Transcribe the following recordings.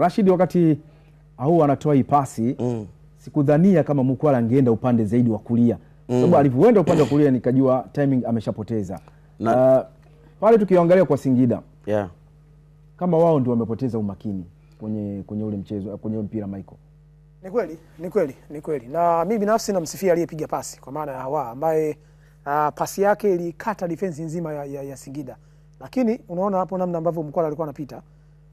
Rashid wakati au anatoa hii pasi mm. sikudhania kama Mukwala angeenda upande zaidi wa kulia mm. sababu alivyoenda upande wa kulia nikajua timing ameshapoteza na... uh, pale tukiangalia kwa Singida yeah. kama wao ndio wamepoteza umakini kwenye kwenye ule mchezo kwenye mpira Michael. Ni kweli, ni kweli, ni kweli. Na mimi binafsi namsifia aliyepiga pasi kwa maana ya Hawa ambaye uh, pasi yake ilikata defense nzima ya, ya, ya Singida, lakini unaona hapo namna ambavyo Mkwala alikuwa anapita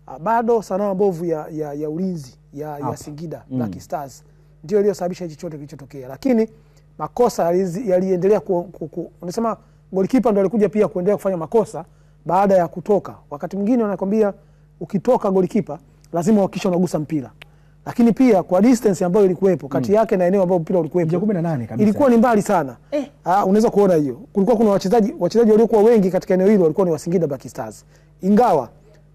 Ah, bado sanaa mbovu ya, ya, ya ulinzi ya, ya Singida mm. Black Stars ndio iliyosababisha hichi chote kilichotokea, lakini makosa yaliendelea ku, ku, ku, unasema golikipa ndo alikuja pia kuendelea kufanya makosa baada ya kutoka. Wakati mwingine wanakwambia ukitoka golikipa lazima uhakikisha unagusa mpira, lakini pia kwa distance ambayo ilikuwepo kati mm. yake na eneo ambayo mpira ulikuwepo ilikuwa ni mbali sana eh. Ah, unaweza kuona hiyo, kulikuwa kuna wachezaji wachezaji waliokuwa wengi katika eneo hilo walikuwa ni Wasingida Black Stars ingawa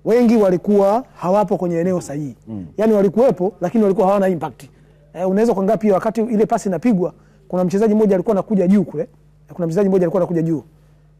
wengi walikuwa hawapo kwenye eneo sahihi mm. Yani walikuwepo lakini walikuwa hawana impact eh, unaweza kuangaa pia wakati ile pasi inapigwa, kuna mchezaji mmoja alikuwa anakuja juu kule, eh, kuna mchezaji mmoja alikuwa anakuja juu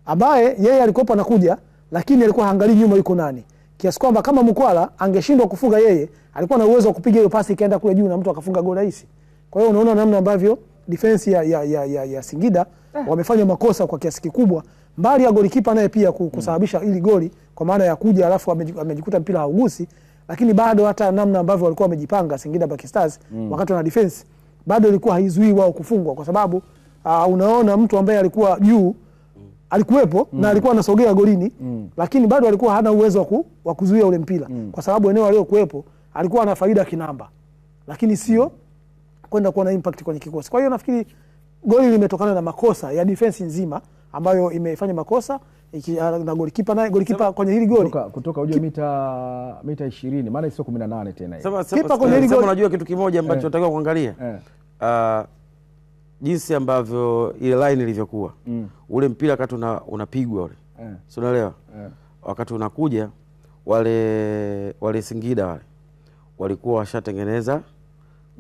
ambaye yeye alikuwa anakuja, lakini alikuwa haangalii nyuma yuko nani, kiasi kwamba kama Mkwala angeshindwa kufunga, yeye alikuwa na uwezo wa kupiga hiyo pasi ikaenda kule juu na mtu akafunga goli rahisi. Kwa hiyo unaona namna ambavyo defense ya, ya, ya, ya, ya Singida eh, wamefanya makosa kwa kiasi kikubwa mbali ya golikipa naye pia hmm. kusababisha ili goli kwa maana ya kuja alafu amejikuta mpira haugusi, lakini bado hata namna ambavyo walikuwa wamejipanga Singida Black Stars mm. wakati wana defense bado ilikuwa haizuii wao kufungwa, kwa sababu uh, unaona mtu ambaye alikuwa juu hmm. alikuwepo mm. na hmm. alikuwa anasogea golini mm. lakini bado alikuwa hana uwezo ku, wa kuzuia ule mpira mm. kwa sababu eneo aliyokuwepo alikuwa ana faida kinamba, lakini sio kwenda kuwa na impact kwenye kikosi. Kwa hiyo nafikiri goli limetokana na makosa ya defense nzima ambayo imefanya makosa ah, na golikipa naye golikipa kwenye hili goli kutoka, kutoka ujue mita mita 20 maana sio 18 tena hiyo. Kipa kwenye hili goli. Unajua kitu kimoja ambacho tunatakiwa eh, kuangalia eh, uh, jinsi ambavyo ile line ilivyokuwa mm, ule mpira wakati unapigwa ule eh, si unaelewa eh, wakati unakuja wale wale Singida wale walikuwa washatengeneza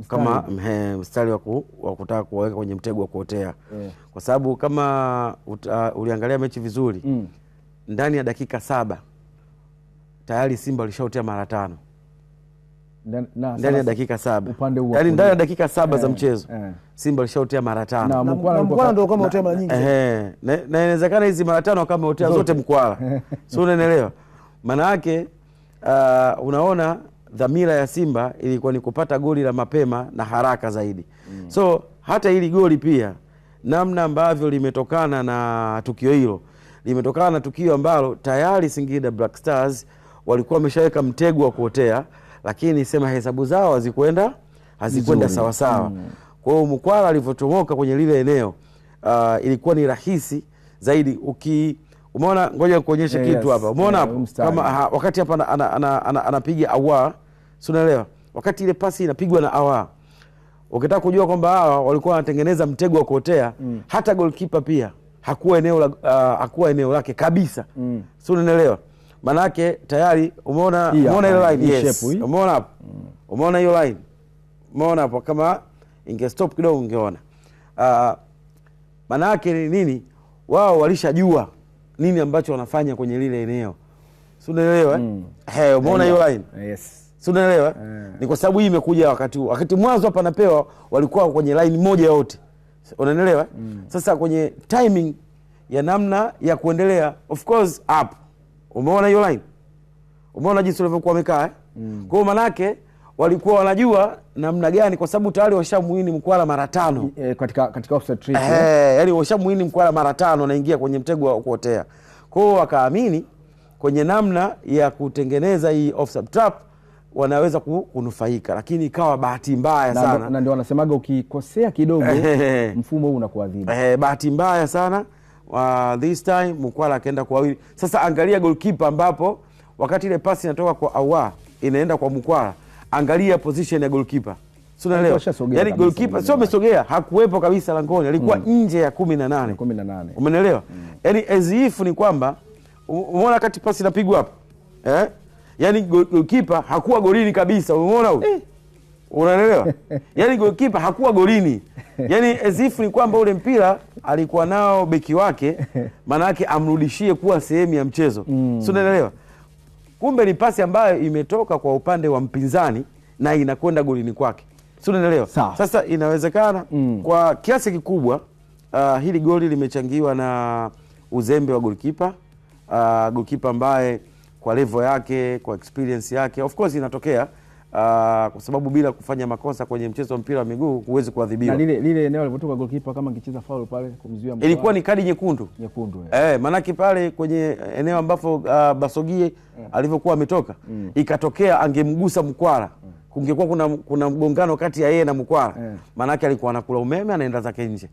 kama mhe, mstari wa ku, kutaka kuwaweka kwenye mtego wa kuotea yeah. Kwa sababu kama uta, uliangalia mechi vizuri mm. Ndani ya dakika saba tayari Simba walishaotea mara tano ndani ya dakika saba yani ndani ya dakika saba za eh, mchezo eh. Simba alishaotea mara tano na inawezekana hizi mara tano kama otea zote Mkwala, si unaelewa? maana yake uh, unaona dhamira ya Simba ilikuwa ni kupata goli la mapema na haraka zaidi mm. So hata hili goli pia namna ambavyo limetokana na tukio hilo limetokana na tukio ambalo tayari Singida Black Stars walikuwa wameshaweka mtego wa kuotea, lakini sema hesabu zao hazikwenda hazikwenda sawasawa. Mm. Kwa hiyo Mkwala alivyochomoka kwenye lile eneo uh, ilikuwa ni rahisi zaidi uki Umeona, ngoja nikuonyeshe yeah, kitu hapa yes. Umeona hapo yeah, kama ha, wakati hapa anapiga ana, ana, ana, ana, ana awa, si unaelewa, wakati ile pasi inapigwa na awa, ukitaka kujua kwamba hawa walikuwa wanatengeneza mtego wa kuotea mm. hata golkipa pia hakuwa eneo, la, uh, hakuwa eneo lake kabisa mm. si unaelewa maana yake tayari umeona, umeona ile line yes, umeona hapo, mm. umeona hiyo line, umeona hapo. Kama inge stop kidogo ungeona uh, ah, maana yake ni nini, wao walishajua nini ambacho wanafanya kwenye lile eneo, si unaelewa? Eh? mm. Hey, umeona hiyo line yes. Si unaelewa? Mm. Ni kwa sababu hii imekuja wakati huu. Wakati mwanzo hapa napewa walikuwa kwenye line moja yote. unanelewa Mm. Sasa kwenye timing ya namna ya kuendelea, of course up. Umeona hiyo line? Umeona jinsi ulivyokuwa amekaa eh? Mm. Kwa hiyo manake walikuwa wanajua namna gani, kwa sababu tayari washamuini mkwala mara tano e, katika, katika offside trick eh, yani washamuini mkwala mara tano, naingia kwenye mtego wa kuotea. Kwa hiyo wakaamini kwenye namna ya kutengeneza hii offside trap wanaweza kunufaika, lakini ikawa bahati mbaya sana, na ndio wanasemaga ukikosea kidogo mfumo huu unakuadhibu. Eh, bahati mbaya sana uh, this time mkwala akaenda kwa wili. Sasa angalia goalkeeper, ambapo wakati ile pasi inatoka kwa awa inaenda kwa mkwala angalia position ya goalkeeper. Yaani sio unaelewa? goalkeeper sio amesogea, hakuwepo kabisa langoni, alikuwa mm. nje ya 18. 18. Umeelewa? umenelewa mm. Yaani as if ni kwamba umeona kati pasi inapigwa hapo. Eh? yani goalkeeper hakuwa golini kabisa. Umeona huyo? Eh. Unaelewa? yani goalkeeper hakuwa golini. yani as if ni kwamba ule mpira alikuwa nao beki wake, maana yake amrudishie kuwa sehemu ya mchezo. Mm. Sio unaelewa? kumbe ni pasi ambayo imetoka kwa upande wa mpinzani na inakwenda golini kwake, si unaelewa? Sasa inawezekana mm. kwa kiasi kikubwa uh, hili goli limechangiwa na uzembe wa golikipa uh, golikipa ambaye kwa levo yake, kwa experience yake, of course inatokea Uh, kwa sababu bila kufanya makosa kwenye mchezo wa mpira wa miguu huwezi kuadhibiwa. Na lile lile eneo alipotoka goalkeeper kama akicheza foul pale kumzuia mpira. Ilikuwa ni kadi nyekundu. Nyekundu. Eh, eh manake pale kwenye eneo ambapo uh, ah, Basogie mm. Eh. alivyokuwa ametoka mm, ikatokea angemgusa mkwara mm, kungekuwa kuna kuna mgongano kati ya yeye na mkwara yeah, manake alikuwa anakula umeme anaenda zake nje.